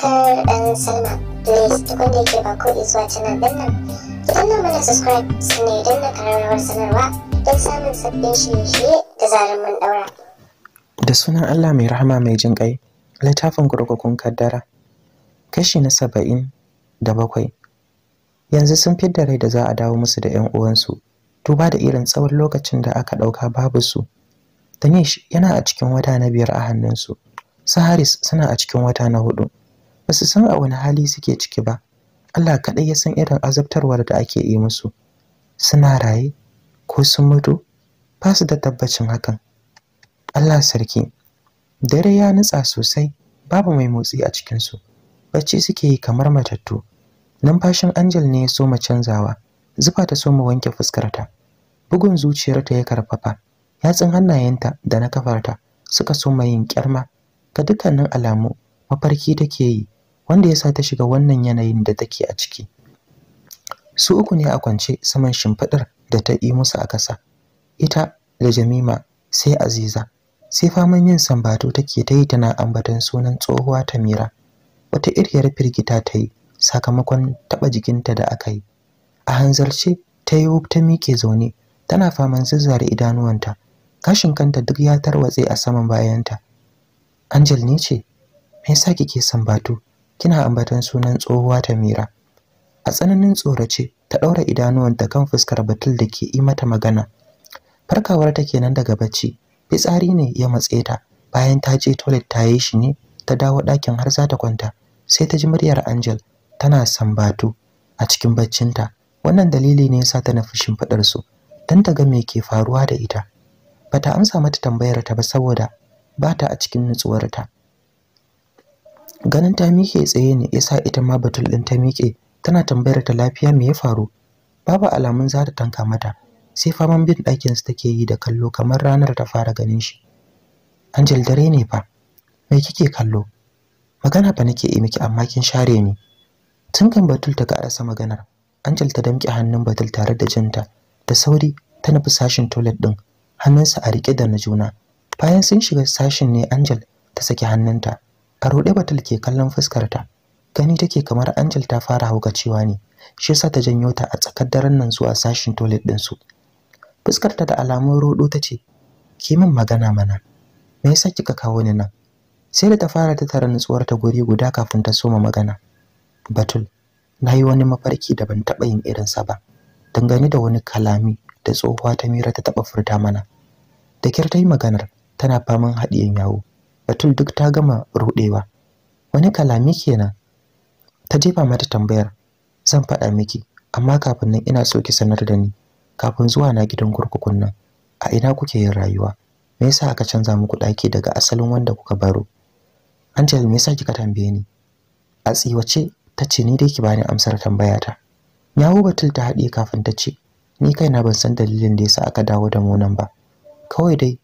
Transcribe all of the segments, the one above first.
subscribe and sign up. Please da subscribe sanarwa don samun sabbin da sunan Allah mai rahama mai jin ƙai, littafin kurkukun kaddara, kashi na saba'in da bakwai. Yanzu sun fidda rai da za a dawo musu da 'yan uwansu, duba da irin tsawon lokacin da aka ɗauka babu su. Danish yana a cikin wata na biyar a hannunsu. Saharis suna a cikin wata na hudu. ba su san a wani hali suke ciki ba Allah kaɗai ya san irin azabtarwar da ake yi musu suna raye ko sun mutu ba su da tabbacin hakan Allah sarki dare ya nutsa sosai babu mai motsi a cikinsu bacci suke yi kamar matattu numfashin angel ne ya soma canzawa zufa ta soma wanke fuskarta bugun zuciyarta ya karfafa yatsun hannayenta da na kafarta suka soma yin kyarma ga dukkanin alamu mafarki take yi wanda ya sa ta shiga wannan yanayin da take a ciki su uku ne a kwance saman shimfiɗar da ta yi musu a ƙasa ita da jamima sai aziza sai faman yin sambato take ta yi tana ambaton sunan tsohuwa tamira wata iriyar firgita ta yi sakamakon taɓa jikinta da aka yi a hanzarce ta yi ta miƙe zaune tana faman zazzare idanuwanta gashin kanta duk ya tarwatse a saman bayanta angel ne ce me yasa kike sambato kina ambaton sunan tsohuwa Tamira a tsananin tsorace ta daura idanuwanta kan fuskar Batul da ke yi mata magana farkawar ta kenan daga bacci fitsari ne ya matse ta bayan ta je toilet ta yi shi ne ta dawo ɗakin har za ta kwanta sai ta ji muryar Angel tana sambatu a cikin baccinta wannan dalili ne yasa ta nufi shimfiɗar su dan ta ga me ke faruwa da ita bata amsa mata tambayar ta ba saboda bata a cikin nutsuwarta ganin ta miƙe tsaye ne yasa ita ma batul ɗin ta miƙe tana tambayar ta lafiya me ya faru babu alamun za ta tanka mata sai faman bin ɗakin su take yi da kallo kamar ranar ta fara ganin shi Angel dare ne fa me kike kallo magana fa nake yi miki amma kin share ni tun kan batul ta karasa maganar Angel ta damƙe hannun batul tare da jinta da sauri ta nufi sashin toilet ɗin hannunsa a riƙe da na juna bayan sun shiga sashin ne Angel ta saki hannunta a ruɗe batul ke kallon fuskar ta. gani take kamar angel ta fara cewa ne shi yasa ta janyo ta a tsakar daren nan zuwa sashin toilet din su ta da alamun rodo ta ce ki min magana mana me yasa kika kawo ni nan sai da ta fara ta tara nutsuwar ta guri guda kafin ta soma magana batul na yi wani mafarki da ban taɓa yin irin sa ba dangane da wani kalami da tsohuwa ta mira ta taɓa furta mana da kyar ta yi maganar tana faman haɗiyan yawo batul duk ta gama rudewa wani kalami kenan ta jefa mata tambayar zan faɗa miki amma kafin nan ina so ki sanar da ni kafin zuwa na gidan kurkukun nan a ina kuke yin rayuwa me yasa aka canza muku ɗaki daga asalin wanda kuka baro Angel me yasa kika tambaye ni a tsiwace ta ce ni dai ki bani amsar tambaya tambayata yawo batul ta haɗe kafin ta ce ni kaina ban san dalilin da yasa aka dawo da mu nan ba kawai dai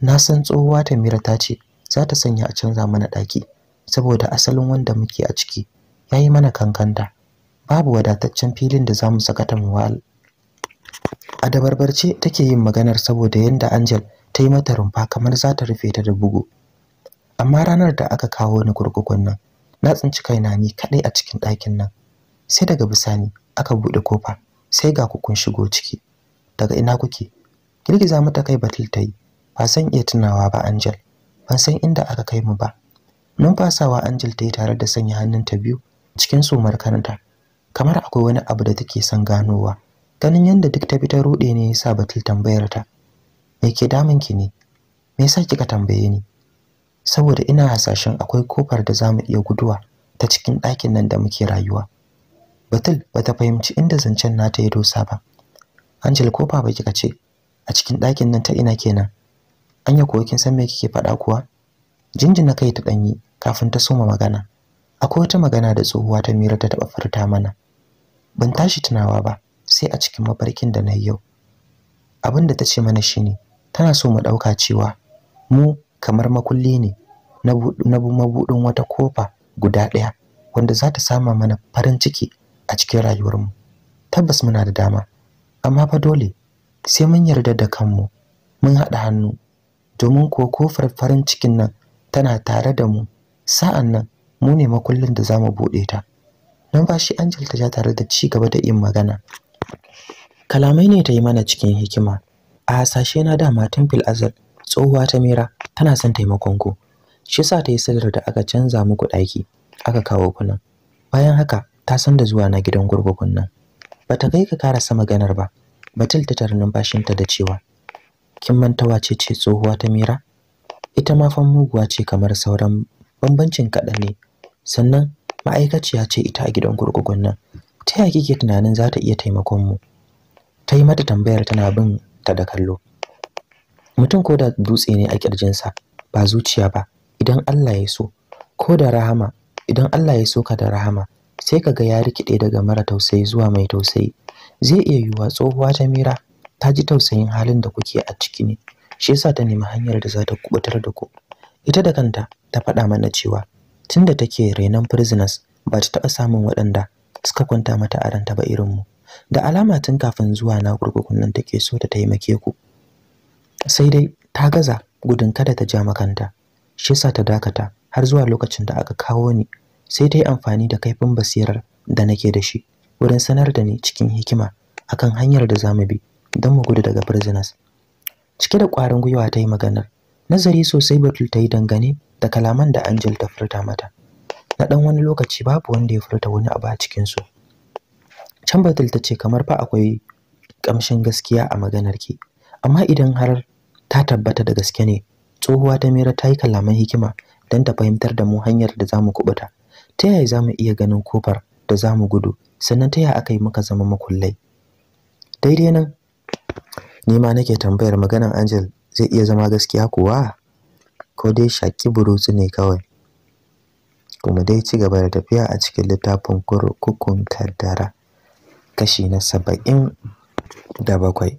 na san tsohuwa Tamira ta ce za ta sanya a canza mana ɗaki saboda asalin wanda muke a ciki ya yi mana kankanta babu wadataccen filin da za mu saka ta muwal a dabarbarce take yin maganar saboda yadda angel ta yi mata rumfa kamar za ta rufe ta da bugu amma ranar da aka kawo ni kurkukun nan na tsinci kaina ni kaɗai a cikin ɗakin nan sai daga bisani aka buɗe kofa sai ga ku kun shigo ciki daga ina kuke girgiza mata kai batul ta yi ba san iya tunawa ba angel ban san inda aka kai mu ba numfasawa Angel ta yi tare da sanya hannunta biyu cikin sumar karanta. kamar akwai wani abu da take son ganowa ganin yadda duk ta bi rude ne yasa batul tambayar ta me ke damun ki ne me yasa kika tambaye ni saboda ina hasashen akwai kofar da zamu iya guduwa ta cikin ɗakin nan da muke rayuwa batul bata fahimci inda zancen nata ya dosa ba Angel kofa ba kika ce a cikin ɗakin nan ta ina kenan anya kuwa kin san me kike faɗa kuwa jinjina kai ta danyi kafin ta soma magana akwai wata magana da tsohuwa ta mira ta taba furta mana ban tashi tunawa ba sai a cikin mafarkin da nayi yau abin da ta ce mana shine tana so mu dauka cewa mu kamar makulli ne na mabuɗin wata kofa guda ɗaya wanda za ta sama mana farin ciki a cikin rayuwarmu tabbas muna da dama amma fa dole sai mun yarda da kanmu mun haɗa hannu domin kuwa kofar farin cikin nan tana tare da mu sa'an nan mu ne makullin da za mu buɗe ta numfashi angel ta ja tare da ci gaba da yin magana kalamai ne ta yi mana cikin hikima a hasashe na dama tun fil azal tsohuwa ta mera tana son taimakon ku shi sa ta yi sadar da aka canza muku ɗaki aka kawo ku nan bayan haka ta san da zuwa na gidan gurgurkun nan Bata kai ka karasa maganar ba batil ta tara numfashinta da cewa kin mantawa wace ce tsohuwa ta mira ita ma fan muguwa ce kamar sauran bambancin kaɗan ne sannan ma'aikaciya ce ita a gidan gurgugun nan ta yaya kike tunanin za ta iya taimakon mu ta yi mata tambayar tana bin ta da kallo mutum ko da dutse ne a kirjinsa ba zuciya ba idan Allah ya so ko da rahama idan Allah ya so ka da rahama sai ka ga ya rikide daga mara tausayi zuwa mai tausayi zai iya yiwuwa tsohuwa ta mira ta ji tausayin halin da kuke a ciki ne shi yasa ta nemi hanyar da za ta kubutar da ku ita da kanta ta faɗa mana cewa tunda take renon prisoners ba ta taɓa samun waɗanda suka kwanta mata a ranta ba irin mu da alama tun kafin zuwa na kurkukun nan take so ta taimake ku sai dai ta gaza gudun kada ta ja makanta shi yasa ta dakata har zuwa lokacin da aka kawo ni sai ta yi amfani da kaifin basirar da nake da shi wurin sanar da ni cikin hikima akan hanyar da za mu bi don mu gudu daga prisoners cike da ƙwarin gwiwa ta yi maganar nazari sosai batul ta yi dangane da kalaman da angel ta furta mata na ɗan wani lokaci babu wanda ya furta wani abu a cikinsu can batul ta ce kamar fa akwai ƙamshin gaskiya a maganar ki amma idan har ta tabbata da gaske ne tsohuwa ta mera ta yi kalaman hikima don ta fahimtar da mu hanyar da za mu kubuta ta yaya za mu iya ganin kofar da za mu gudu sannan ta yaya aka yi muka zama makullai daidai nan Ni ma nake tambayar maganar Angel zai iya zama gaskiya kuwa? Ko dai shaki burutsu ne kawai. Kuma dai ci gaba da tafiya a cikin littafin kurkukun kaddara kashi na saba'in da bakwai.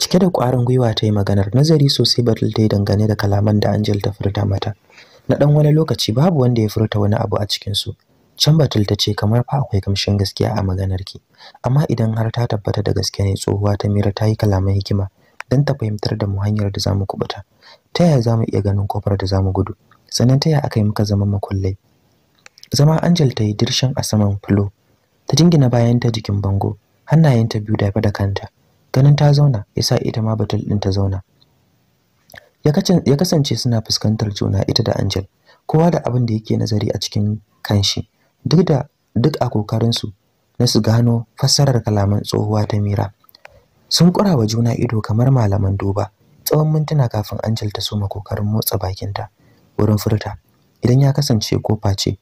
Cike da ƙwarin gwiwa ta yi maganar nazari sosai ba ta dangane da kalaman da Angel ta furta mata. Na ɗan wani lokaci babu wanda ya furta wani abu a cikinsu. Can Batul ta ce kamar fa akwai kamshin gaskiya a maganarki. Amma idan har ta tabbata da gaskiya ne tsohuwa ta mira ta yi kalaman hikima dan ta fahimtar da mu hanyar da zamu kubuta. Ta yaya zamu iya ganin kofar da zamu gudu? Sannan ta yaya aka yi muka zama makullai? Zama Angel ta yi dirshin a saman flo. Ta jingina bayan ta jikin bango, hannayen ta biyu da da kanta. Ganin ta zauna, ya ita ma Batul ɗin ta zauna. Ya kasance suna fuskantar juna ita da Angel, kowa da abin da yake nazari a cikin kanshi. duk da duk a kokarinsu na su gano fassarar kalaman tsohuwa ta mira sun wa juna ido kamar malaman duba tsawon mintuna kafin angel ta soma kokarin motsa bakinta wurin furta idan ya kasance kofa ce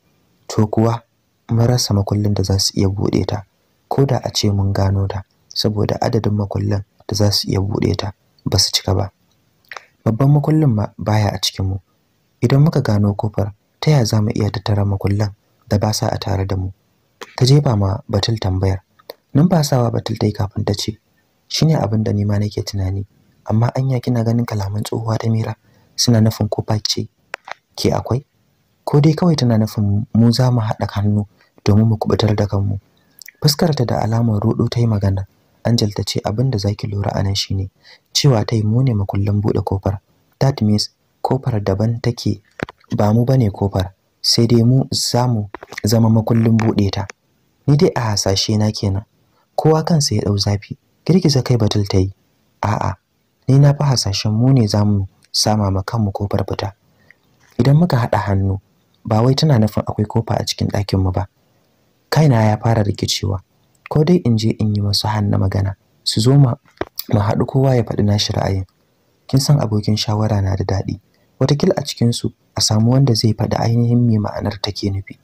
to kuwa mun rasa makullin da za su iya buɗe ta ko da a ce mun gano ta saboda adadin makullin da za su iya buɗe ta ba su cika ba babban makullin ma baya a cikinmu idan muka gano kofar ta ya za mu iya tattara makullin. da ba sa a tare da mu ta jefa ma batul tambayar numfasawa batul ta yi kafin ta ce shine abin da nima nake tunani amma anya kina ganin kalaman tsohuwa ta mira suna nufin ko face ke akwai ko dai kawai tana nufin mu za mu haɗa hannu domin mu kubutar da kanmu fuskarta da alamar rudo ta yi magana Angel ta ce abin da zaki lura anan shine cewa ta yi mu ne makullin buɗe kofar that means kofar daban take ba mu bane kofar sai dai mu zamu zama makullin buɗe ta ni dai a hasashe na kenan kowa kansa ya ɗau zafi girgiza kai batul ta yi a'a ni na fi hasashen mu ne zamu sama ma kanmu kofar fita idan muka haɗa hannu ba wai tana nufin akwai kofa a cikin ɗakin mu ba kaina ya fara rikicewa ko dai in je in yi masu hanna magana su zo ma mu haɗu kowa ya faɗi nashi ra'ayin kin san abokin shawara na da daɗi watakila a cikinsu a samu wanda zai faɗi ainihin mai ma'anar take nufi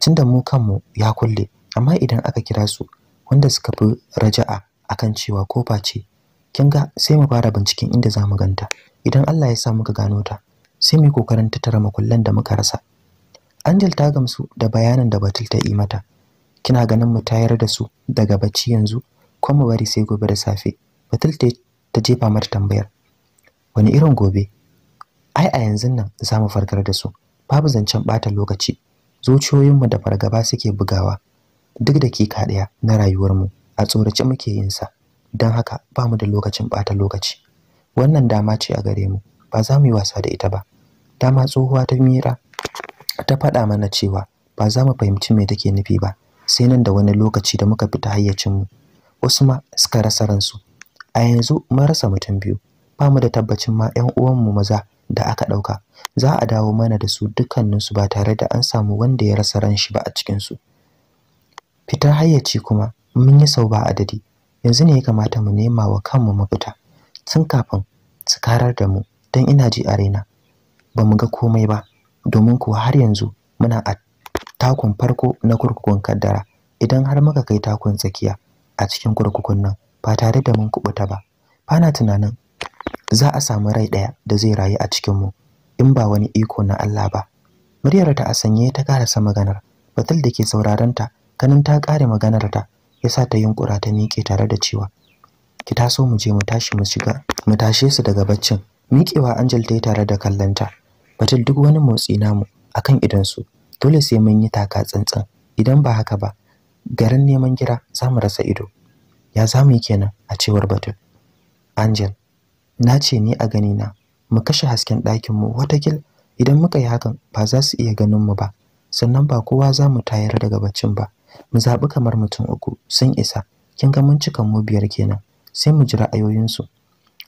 tunda mu kanmu ya kulle amma idan aka kira su wanda suka fi raja'a akan cewa ko face kin ga sai mu fara binciken inda za mu ganta idan Allah ya sa muka gano ta sai mu yi kokarin tattara makullan da muka rasa Angel ta gamsu da bayanan da Batul ta yi mata kina ganin mu tayar da su daga bacci yanzu ko mu bari sai gobe da safe Batul ta jefa mata tambayar wani irin gobe ai a yanzu nan za mu farkar da su babu zancen ɓata lokaci zuciyoyinmu da fargaba suke bugawa duk da dakika ɗaya na rayuwarmu a tsorace muke yin sa don haka ba mu da lokacin ɓata lokaci wannan dama ce a gare mu ba za mu yi wasa da ita ba dama tsohuwa ta mira ta faɗa mana cewa ba za mu fahimci me take nufi ba sai nan da wani lokaci da muka fita hayyacinmu wasu ma suka rasa ransu a yanzu mun rasa mutum biyu ba mu da tabbacin ma 'yan uwanmu maza da aka ɗauka za a dawo mana da su dukkaninsu ba tare da an samu wanda ya rasa ran shi ba a cikinsu fitar hayyaci kuma mun yi sau ba adadi yanzu ne ya kamata mu nema wa kanmu mafita tun kafin su karar da mu don ina ji a raina ba mu ga komai ba domin kuwa har yanzu muna a takun farko na kurkukun kaddara idan har muka kai takun tsakiya a cikin kurkukun nan ba tare da mun kubuta ba bana tunanin za a samu rai ɗaya da zai rayu a cikinmu in ba wani iko na Allah ba muryar ta a sanye ta karasa maganar batul da ke sauraron ta ganin ta ƙare maganar ta yasa ta yunkura ta miƙe tare da cewa ki taso mu je mu tashi mu shiga mu tashe su daga baccin miƙewa Angel ta yi tare da kallanta batul duk wani motsi namu akan idan su dole sai mun yi taka tsantsan idan ba haka ba garin neman gira za mu rasa ido ya za mu yi kenan a cewar batul Angel na ce ni a ganina mu kashe hasken ɗakinmu watakil idan muka yi hakan ba za su iya ganin mu ba sannan ba kowa za mu tayar daga baccin ba mu zaɓi kamar mutum uku sun isa kin ga mun cika mu biyar kenan sai mu ji ra'ayoyinsu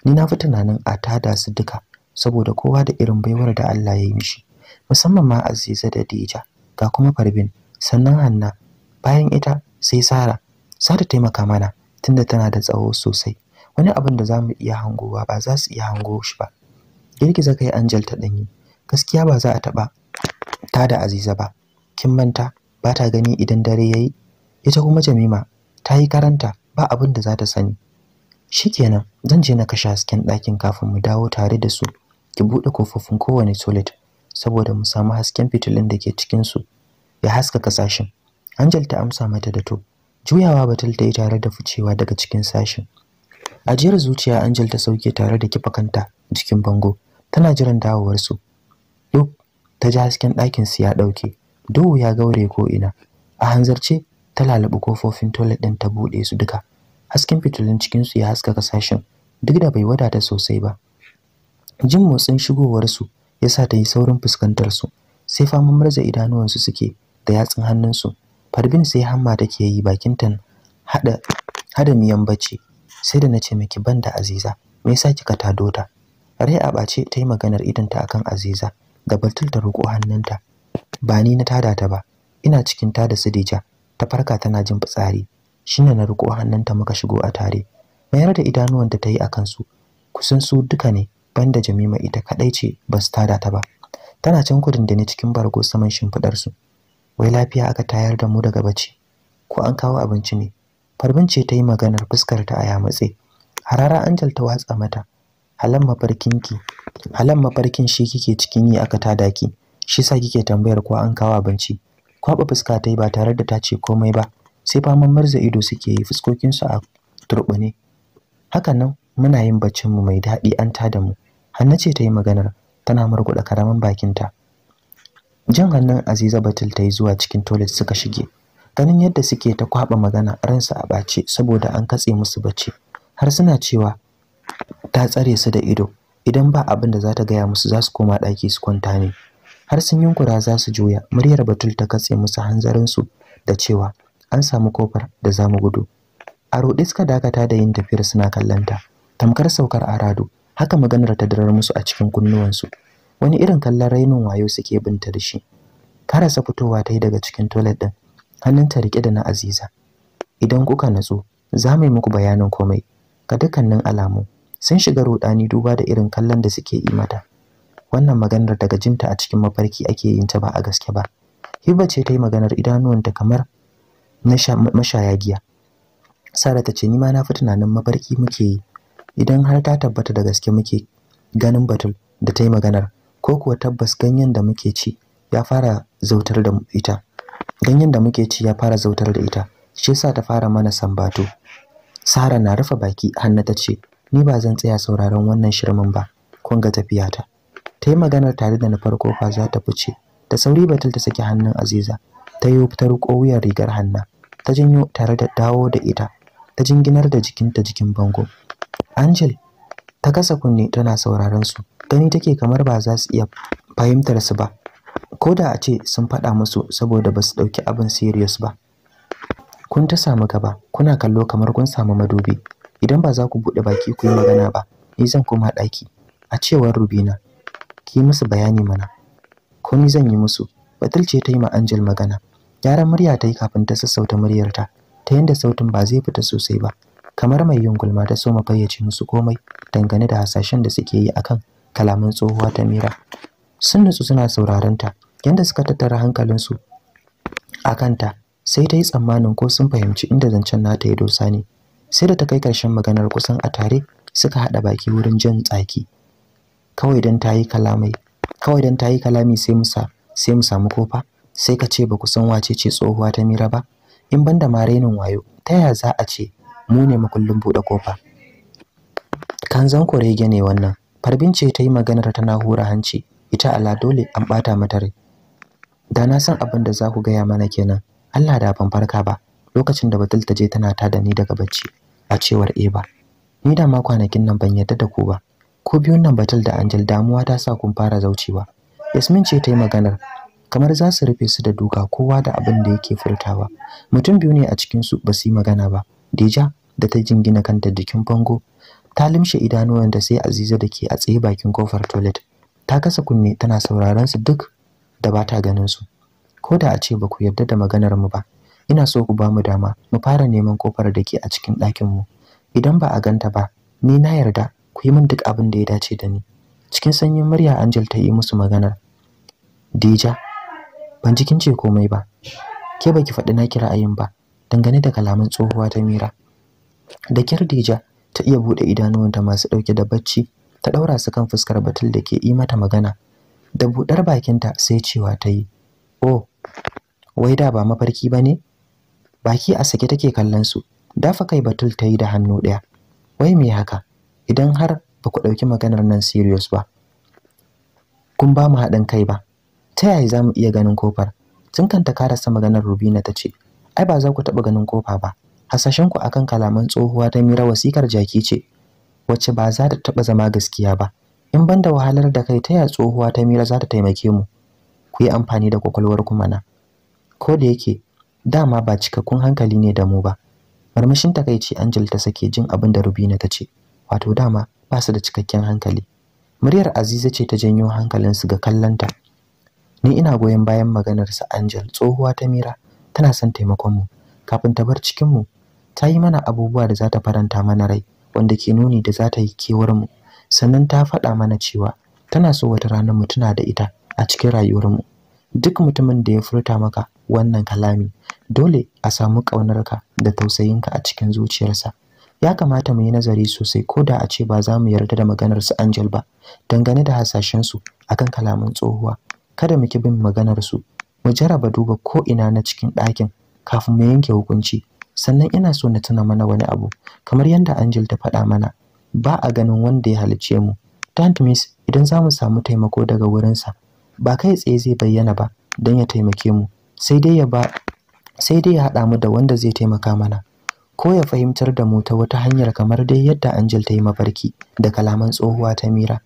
ni na fi tunanin a tada su duka saboda kowa da irin baiwar da Allah ya yi mishi musamman ma Aziza da Dija ga kuma Farbin sannan Hanna bayan ita sai Sara Sara taimaka mana tunda tana da tsawo sosai wani abin da za mu iya hangowa ba za su iya hango shi ba girgiza kai angel ta yi. gaskiya ba za a taɓa ta da aziza ba kin manta ba ta gani idan dare yayi ita kuma jamima ta yi karanta ba abin da za ta sani shikenan zan je na kashe hasken ɗakin kafin mu dawo tare da su ki buɗe kofofin kowane toilet saboda mu samu hasken fitilun da ke cikin su ya haska sashin angel ta amsa mata da to juyawa batul ta yi tare da ficewa daga cikin sashin ajiyar zuciya Angel ta sauke tare da kifakanta kanta jikin bango tana jiran dawowar su duk ta ji hasken ɗakin su ya ɗauke duhu ya gaure ko ina a hanzarce ta lalabi kofofin toilet ɗin ta buɗe su duka hasken fitilun cikin su ya haskaka sashen duk da bai wadata sosai ba jin motsin shigowar su yasa ta yi saurin fuskantar su sai faman marza idanuwansu suke da yatsun su farbin sai hamma take yi bakin ta hada hada miyan bacci sai da na ce miki ban da Aziza me yasa kika tado ta rai a ɓace ta yi maganar idonta akan Aziza da Batul da roƙo hannunta ba ni na tada ta ba ina cikin tada Sidija ta farka tana jin fitsari shine na roƙo hannunta muka shigo a tare mayar da idanuwan ta yi akan su kusan su duka ne banda Jamima ita kadai ce ba su tada ta ba tana can kudin da ne cikin bargo saman shimfidar su wai lafiya aka tayar da mu daga bacci ko an kawo abinci ne Farbin ce ta yi maganar fuskar ta a yamutse. Harara Anjel ta watsa mata. Halan mafarkin ki. Halan mafarkin shi kike cikin yi aka tada ki. Shi sa kike tambayar ko an kawo abinci. Kwaba fuska ta yi ba tare da ta ce komai ba. Sai faman marza ido suke yi fuskokinsu su a turɓune Haka nan muna yin baccin mu mai daɗi an tada mu. Hanna ce ta yi maganar tana murguɗa karamin bakinta. Jan hannun Aziza Batul ta yi zuwa cikin toilet suka shige. ganin yadda suke ta kwaba magana ransu a ɓace saboda an katse musu bacci har suna cewa ta tsare su da ido idan ba abin da za ta gaya musu za su koma ɗaki su kwanta ne har sun yunkura za su juya muryar batul ta katse musu hanzarinsu da cewa an samu kofar da za mu gudu a roɗe suka dakata da yin tafiyar suna kallonta tamkar saukar arado haka maganar ta darar musu a cikin kunnuwansu wani irin kallon rainin wayo suke binta da shi karasa fitowa ta yi daga cikin toilet ɗin hannunta rike da na Aziza idan kuka natsu za mu yi muku bayanin komai ga dukkanin alamu sun shiga rudani duba da irin kallon da suke yi mata wannan maganar daga jinta a cikin mafarki ake yin ta ba a gaske ba Hiba ce ta yi maganar idanuwanta kamar mashaya giya Sara ta ce ni ma na fi tunanin mafarki muke yi idan har ta tabbata da gaske muke ganin batul da ta yi maganar ko kuwa tabbas ganyen da muke ci ya fara zautar da ita ganyen da muke ci ya fara zautar da ita shi yasa ta fara mana sambato Sara na rufe baki Hanna ta ce ni ba zan tsaya sauraron wannan shirmin ba kun ga tafiyata ta yi maganar tare da na farko fa za ta fice da sauri batul ta saki hannun Aziza ta yi ta riƙo rigar Hanna ta janyo tare da dawo da ita ta jinginar da jikinta jikin bango Angel ta kasa kunne tana sauraron su gani take kamar ba za su iya fahimtar su ba ko da a ce sun faɗa musu saboda ba su ɗauki abin serious ba kun ta samu gaba kuna kallo kamar kun samu madobi idan ba za ku buɗe baki ku yi magana ba ni zan koma ɗaki a cewar rubina ki musu bayani mana ko ni zan yi musu batulce ce ta yi ma angel magana Yaran murya ta yi kafin ta sassauta muryarta ta yadda sautin ba zai fita sosai ba kamar mai yin gulma ta soma fayyace musu komai dangane da hasashen da suke yi akan kalaman tsohuwa ta mira sun nutsu suna sauraron ta yanda suka tattara hankalinsu a kanta sai ta yi tsammanin ko sun fahimci inda zancen nata ya dosa ne sai da ta kai ƙarshen maganar kusan a tare suka haɗa baki wurin jan tsaki kawai don ta yi kalamai kawai don ta yi kalami sai mu sai mu samu kofa sai ka ce ba ku san wace ce tsohuwa ta mira ba in banda ma rainin wayo ta yaya za a ce mu ne makullin buɗe kofa kanzan rage ne wannan farbin ce ta yi maganar tana hura hanci ita ala dole an ɓata mata rai da na san abin da za ku gaya mana kenan Allah da ban farka ba lokacin da batul ta je tana ta da ni daga bacci a cewar Eba ni da ma kwanakin nan ban yarda da ku ba ko biyun nan batul da Angel damuwa ta sa kun fara zaucewa Yasmin ce ta yi maganar kamar za su rufe su da duka kowa da abin da yake furtawa mutum biyu ne a cikin su ba su yi magana ba Deja da ta jingina kanta jikin bango ta limshe idanuwan da sai Aziza da ke a tsaye bakin kofar toilet ta kasa kunne tana sauraron su duk da ba ta ganin su ko da a ce ba ku yarda da maganar mu ba ina so ku bamu dama mu fara neman kofar da ke a cikin ɗakin mu idan ba a ganta ba ni na yarda ku yi min duk abin da ya dace da ni cikin sanyin murya Angel ta yi musu maganar. Dija ban jikin ce komai ba ke baki faɗi na kira ayin ba dangane da kalaman tsohuwa ta Mira da kyar Dija ta iya buɗe idanuwanta masu ɗauke da bacci ta ɗaura su kan fuskar batul da ke yi mata magana da buɗar bakinta sai cewa ta yi oh wai da ba mafarki ba ne baki a sake take kallon su dafa kai batul ta yi da hannu ɗaya wai me haka idan har ba ku ɗauki maganar nan serious ba kun ba mu haɗin kai ba ta yaya za mu iya ganin kofar tun kan ta karasa maganar rubina ta ce ai ba za ku taɓa ganin kofa ba hasashenku akan kalaman tsohuwa ta mira wasikar jaki ce wacce ba za ta taɓa zama gaskiya ba in banda wahalar da kai taya tsohuwa ta mira za ta taimake mu ku yi amfani da kwakwalwar kuma na. ko da yake dama ba cikakkun hankali ne da mu ba marmashin takaici Angel ta sake jin abin da Rubina ta ce wato dama ba su da cikakken hankali muryar Aziza ce ta janyo hankalin su ga kallanta ni ina goyon bayan maganar sa Angel tsohuwa ta mira tana son taimakon mu kafin ta bar cikin mu ta yi mana abubuwa da za ta faranta mana rai wanda ke nuni da za ta yi kewar mu sannan ta faɗa mana cewa tana so wata rana mu tuna da ita a cikin rayuwar mu. duk mutumin da ya furta maka wannan kalami dole a samu ƙaunarka da tausayinka a cikin zuciyarsa ya kamata mu yi nazari sosai ko da a ce ba za mu yarda da maganar su Angel ba dangane da hasashen hasashensu akan kalaman tsohuwa kada mu ki bin maganar su mu jaraba duba ko ina na cikin ɗakin kafin mu yanke hukunci sannan ina so na tuna mana wani abu kamar yadda Angel ta faɗa mana ba a ganin wanda ya halice mu tant miss idan za mu samu taimako daga wurinsa ba kai tsaye zai bayyana ba don ya taimake mu sai dai ya ba sai dai ya haɗa mu da wanda zai taimaka mana ko ya fahimtar da mu ta wata hanyar kamar dai yadda Angel ta yi mafarki da kalaman tsohuwa ta Mira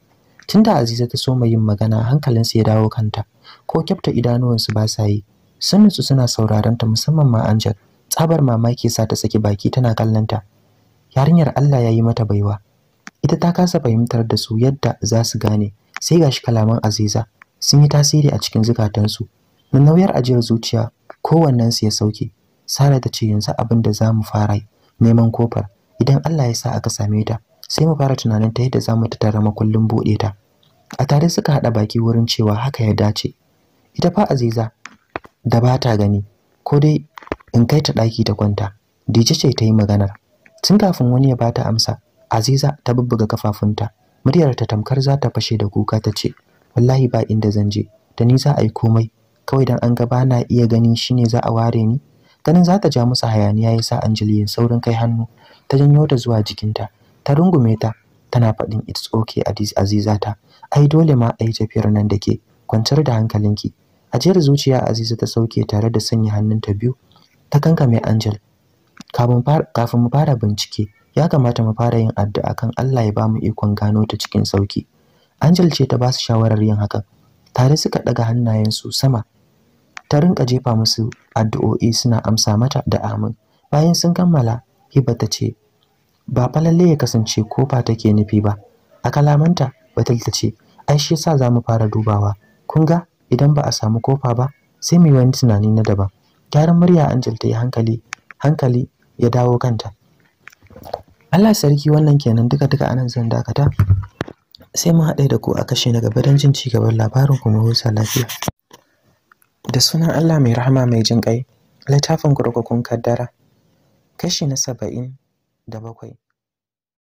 tunda Aziza ta so soma yin magana hankalinsa ya dawo kanta ko kyafta idanuwansu ba sa yi sun nutsu suna sauraron ta musamman ma Angel tsabar mamaki sa ta saki baki tana kallon ta yarinyar Allah ya yi mata baiwa ita ta kasa fahimtar da su yadda za su gane sai gashi kalaman aziza sun yi tasiri a cikin zukatansu na nauyar ajiyar zuciya su ya sauke sara ta ce yanzu abin da za mu fara neman kofar idan allah ya sa aka same ta sai mu fara tunanin ta yadda za mu tattara makullin buɗe ta a tare suka haɗa baki wurin cewa haka ya dace ita fa aziza da ba ta gani ko dai in kai ta ɗaki ta kwanta dije ce ta yi maganar tun kafin wani ya bata amsa Aziza ta bubbuga kafafunta. Muryar ta tamkar za ta fashe da kuka ta ce, "Wallahi ba inda zan je, da ni za a yi komai, kawai dan an ga ba na iya gani shine za a ware ni." Ganin za ta ja musu hayaniya ya sa Anjali yin saurin kai hannu, ta janyo ta zuwa jikinta, ta rungume ta, tana faɗin it's okay Aziza ta. Ai dole ma ai tafiyar nan da ke, kwantar da hankalinki. Ajiyar zuciya Aziza ta sauke tare da sanya hannunta biyu, ta kankame Angel. Kafin mu fara bincike, ya kamata mu fara yin addu'a kan Allah ya bamu ikon gano ta cikin sauki Angel ce ta ba su shawarar yin hakan tare suka daga su sama ta rinka jefa musu addu'o'i suna amsa mata da amin bayan sun kammala hiba ta ce ba fa ya kasance ko ba take nufi ba a kalamanta Batil ta ce ai shi yasa zamu fara dubawa kun ga idan ba a samu kofa ba sai mu wani tunani na daban gyaran murya Angel ta yi hankali hankali ya dawo kanta Allah sarki wannan kenan duka duka anan zan dakata sai mun haɗe da ku a kashi na gaba don jin ci gaban labarin kuma husa lafiya da sunan Allah mai rahama mai jin ƙai littafin kurkukun kaddara kashi na saba'in da bakwai